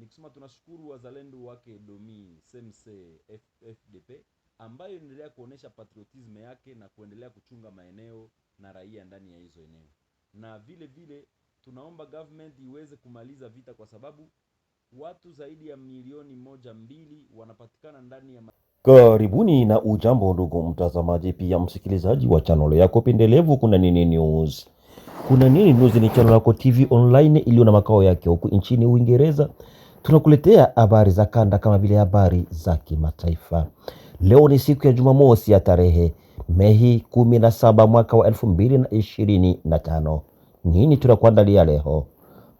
nikisema tunashukuru wazalendo wake Domi Semse FDP ambayo inaendelea kuonesha patriotism yake na kuendelea kuchunga maeneo na raia ndani ya hizo eneo, na vile vile tunaomba government iweze kumaliza vita, kwa sababu watu zaidi ya milioni moja mbili wanapatikana ndani ya Karibuni na ujambo ndugu mtazamaji, pia msikilizaji wa chanelo yako pendelevu Kuna Nini News. Kuna Nini News ni chanel yako TV online iliyo na makao yake huku nchini Uingereza tunakuletea habari za kanda kama vile habari za kimataifa. Leo ni siku ya Jumamosi ya tarehe Mei 17 mwaka wa 225 Nini tunakuandalia leo?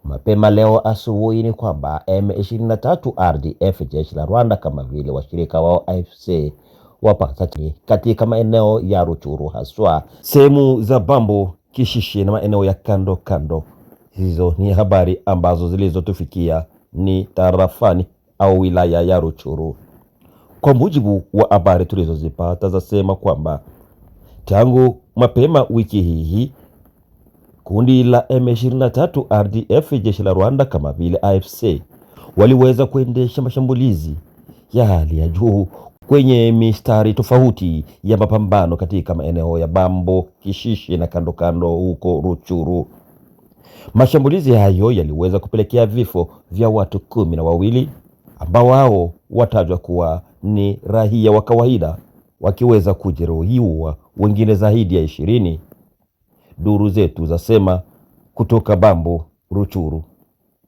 Mapema leo asubuhi ni kwamba M23 RDF jeshi la Rwanda kama vile washirika wao AFC wapatani katika maeneo ya Ruchuru, haswa sehemu za Bambo, kishishi na maeneo ya kando kando. Hizo ni habari ambazo zilizotufikia ni tarafani au wilaya ya Ruchuru. Kwa mujibu wa habari tulizozipata zasema kwamba tangu mapema wiki hii kundi la M23 RDF jeshi la Rwanda kama vile AFC waliweza kuendesha mashambulizi ya hali ya juu kwenye mistari tofauti ya mapambano katika maeneo ya Bambo, Kishishi na kando kando huko Ruchuru. Mashambulizi hayo yaliweza kupelekea vifo vya watu kumi na wawili ambao wao watajwa kuwa ni raia wa kawaida wakiweza kujeruhiwa wengine zaidi ya ishirini, duru zetu zasema kutoka Bambo Ruchuru.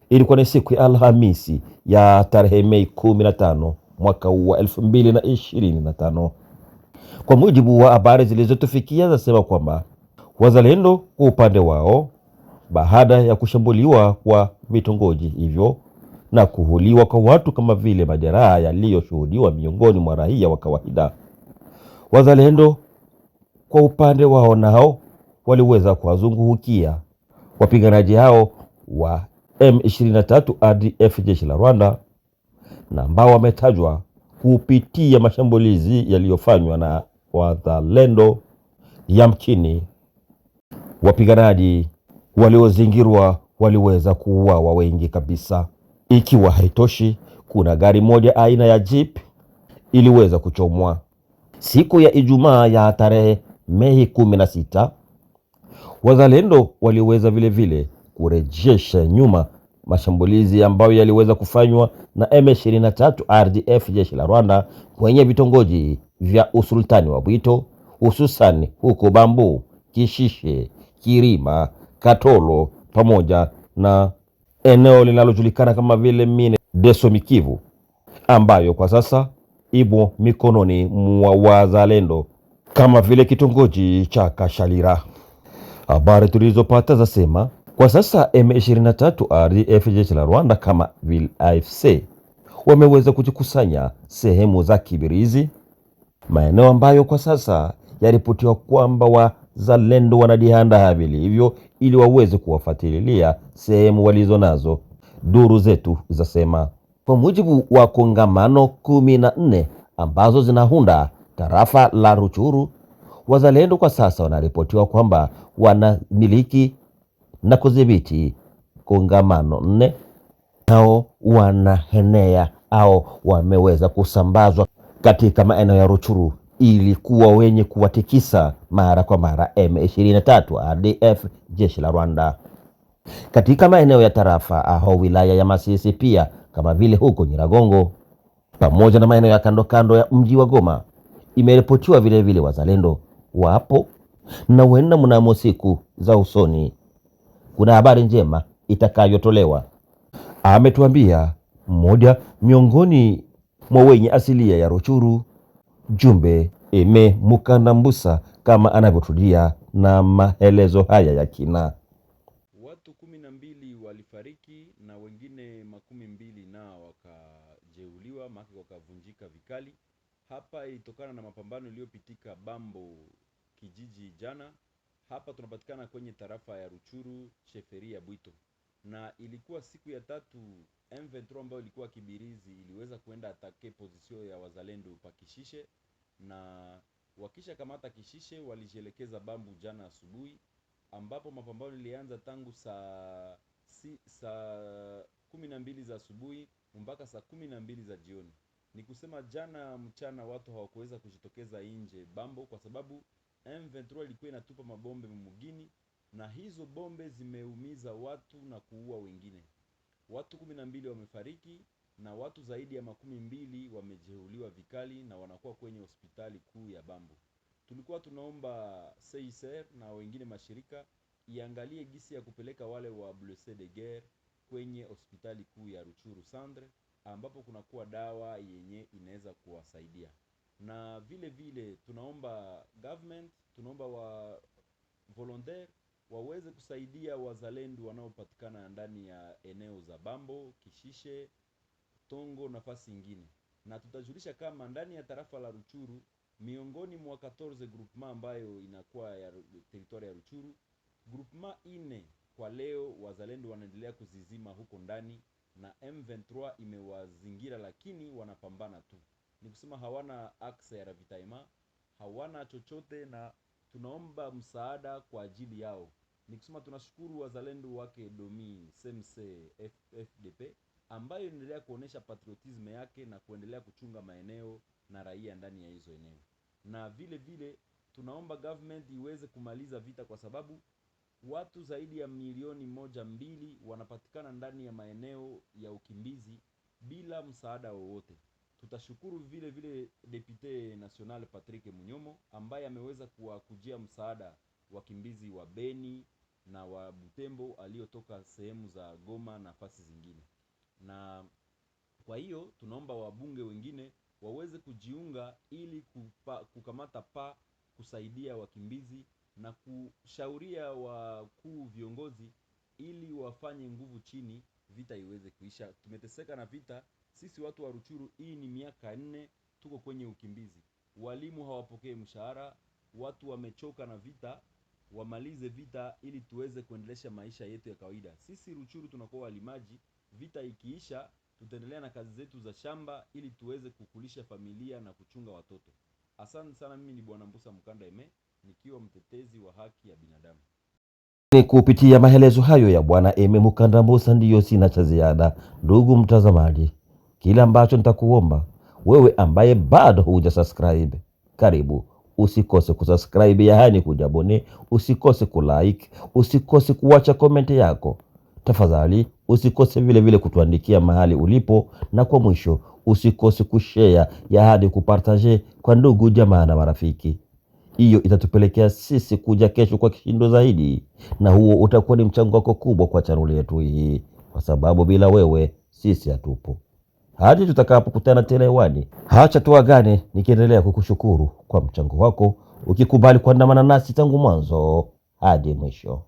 Ilikuwa ni siku ya Alhamisi ya tarehe Mei kumi na tano mwaka huu wa elfu mbili na ishirini na tano. Kwa mujibu wa habari zilizotufikia zasema kwamba wazalendo kwa upande wao baada ya kushambuliwa kwa vitongoji hivyo na kuhuliwa kwa watu kama vile majeraha yaliyoshuhudiwa miongoni mwa raia wa kawaida. Wazalendo kwa upande wao nao waliweza kuwazungukia wapiganaji hao wa M23 ADF jeshi la Rwanda na ambao wametajwa kupitia mashambulizi yaliyofanywa na wazalendo, yamkini wapiganaji waliozingirwa waliweza kuuawa wengi kabisa. Ikiwa haitoshi, kuna gari moja aina ya jeep iliweza kuchomwa siku ya Ijumaa ya tarehe Mei kumi na sita. Wazalendo waliweza vilevile vile kurejesha nyuma mashambulizi ambayo yaliweza kufanywa na M23 RDF jeshi la Rwanda kwenye vitongoji vya usultani wa Bwito, hususan huko Bambu, Kishishe, Kirima katolo pamoja na eneo linalojulikana kama vile mine Desomikivu ambayo kwa sasa imo mikononi mwa wazalendo kama vile kitongoji cha Kashalira. Habari tulizopata zasema kwa sasa M23 RDF jeshi la Rwanda kama vile AFC wameweza kujikusanya sehemu za Kibirizi, maeneo ambayo kwa sasa yaripotiwa kwamba zalendo wanajiandaa vilivyo ili waweze kuwafuatilia sehemu walizo nazo, duru zetu zasema. Kwa mujibu wa kongamano kumi na nne ambazo zinahunda tarafa la Ruchuru, wazalendo kwa sasa wanaripotiwa kwamba wanamiliki na kudhibiti kongamano nne, nao wanahenea au wameweza kusambazwa katika maeneo ya Ruchuru ilikuwa wenye kuwatikisa mara kwa mara M23 RDF, jeshi la Rwanda katika maeneo ya tarafa aho wilaya ya Masisi, pia kama vile huko Nyiragongo pamoja na maeneo ya kando kando ya mji wa Goma. Imeripotiwa vilevile wazalendo wapo na huenda mnamo siku za usoni kuna habari njema itakayotolewa, ametuambia mmoja miongoni mwa wenye asilia ya Ruchuru Jumbe Eme Mbusa kama anavyotudia na maelezo haya ya kina. Watu kumi na mbili walifariki na wengine makumi mbili nao wakajeuliwa, maki wakavunjika vikali. Hapa ilitokana na mapambano iliyopitika Bambo kijiji jana. Hapa tunapatikana kwenye tarafa ya Ruchuru sheferia Bwito na ilikuwa siku ya tatu M23 ambayo ilikuwa Kibirizi iliweza kuenda atake pozisio ya wazalendo kishishe na wakisha kamata Kishishe walijielekeza Bambu jana asubuhi, ambapo mapambano ilianza tangu saa si, saa kumi na mbili za asubuhi mpaka saa kumi na mbili za jioni. Ni kusema jana mchana watu hawakuweza kujitokeza nje Bambo kwa sababu M23 ilikuwa inatupa mabombe mugini na hizo bombe zimeumiza watu na kuua wengine. Watu kumi na mbili wamefariki na watu zaidi ya makumi mbili wamejeruhiwa vikali na wanakuwa kwenye hospitali kuu ya bambu Tulikuwa tunaomba CICR na wengine mashirika iangalie gisi ya kupeleka wale wa blessés de guerre kwenye hospitali kuu ya Ruchuru Sandre ambapo kunakuwa dawa yenye inaweza kuwasaidia, na vile vile tunaomba government, tunaomba wa volontaire waweze kusaidia wazalendo wanaopatikana ndani ya eneo za Bambo, Kishishe, Tongo nafasi ingine, na tutajulisha kama ndani ya tarafa la Ruchuru miongoni mwa 14 groupement ambayo inakuwa ya teritoria ya Ruchuru, groupement ine kwa leo wazalendo wanaendelea kuzizima huko ndani, na M23 imewazingira lakini wanapambana tu, ni kusema hawana access ya ravitaima, hawana chochote na tunaomba msaada kwa ajili yao. Nikisema tunashukuru wazalendo wake Domi Semse FDP ambayo inaendelea kuonesha patriotisme yake na kuendelea kuchunga maeneo na raia ndani ya hizo eneo, na vile vile tunaomba government iweze kumaliza vita kwa sababu watu zaidi ya milioni moja mbili wanapatikana ndani ya maeneo ya ukimbizi bila msaada wowote. Tutashukuru vile vile depute national Patrick Munyomo ambaye ameweza kuwakujia msaada wakimbizi wa Beni na wa Butembo aliyotoka sehemu za Goma na nafasi zingine. Na kwa hiyo tunaomba wabunge wengine waweze kujiunga ili kupa, kukamata pa kusaidia wakimbizi na kushauria wakuu viongozi ili wafanye nguvu chini vita iweze maisha, tumeteseka na vita. Sisi watu wa Ruchuru, hii ni miaka nne tuko kwenye ukimbizi, walimu hawapokee mshahara, watu wamechoka na vita, wamalize vita ili tuweze kuendelesha maisha yetu ya kawaida. Sisi Ruchuru tunakuwa walimaji, vita ikiisha tutaendelea na kazi zetu za shamba ili tuweze kukulisha familia na kuchunga watoto. Asante sana. Mimi ni Bwana Mbusa Mkanda Eme, nikiwa mtetezi wa haki ya binadamu. Ni kupitia maelezo hayo ya Bwana Eme Musa, ndiyo sina cha ziada. Ndugu mtazamaji, kile ambacho nitakuomba wewe ambaye bado huja subscribe, karibu usikose kusubscribe, yaani kujabone, usikose kulike, usikose kuwacha komenti yako tafadhali, usikose vile vile kutuandikia mahali ulipo, na kwa mwisho usikose kushare, yaani kupartaje kwa ndugu jamaa na marafiki hiyo itatupelekea sisi kuja kesho kwa kishindo zaidi, na huo utakuwa ni mchango wako kubwa kwa chaneli yetu hii, kwa sababu bila wewe sisi hatupo. Hadi tutakapokutana tena hewani, hacha tuagane nikiendelea kukushukuru kwa mchango wako, ukikubali kuandamana nasi tangu mwanzo hadi mwisho.